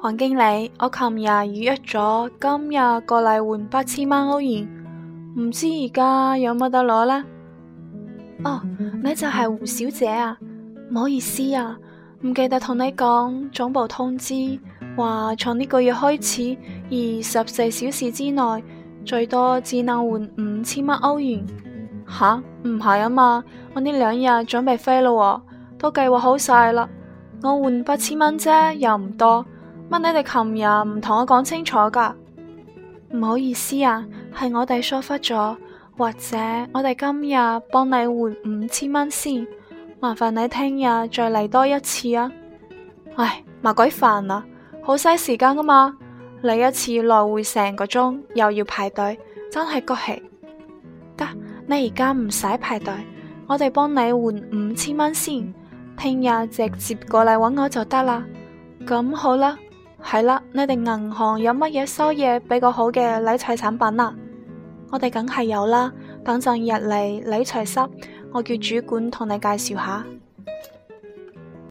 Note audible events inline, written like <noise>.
王經理，我琴日預約咗，今日過嚟換八千蚊歐元，唔知而家有冇得攞啦？哦，你就係胡小姐啊，唔好意思啊，唔記得同你講總部通知話，從呢個月開始，二十四小時之內最多只能換五千蚊歐元。吓？唔係啊嘛？我呢兩日準備飛啦喎，都計劃好晒啦，我換八千蚊啫，又唔多。乜？你哋琴日唔同我講清楚噶唔好意思啊，係我哋疏忽咗，或者我哋今日幫你換五千蚊先，麻煩你聽日再嚟多一次啊。唉，麻鬼煩啊，好嘥時間噶嘛，嚟一次來回成個鐘，又要排隊，真係谷氣。得，你而家唔使排隊，我哋幫你換五千蚊先，聽日直接過嚟搵我就得啦。咁好啦。係、 <noise> 哎、啦，你哋銀行有乜嘢收益比較好嘅理財產品啊？我哋梗係有啦，等陣入嚟理財室，我叫主管同你介紹下。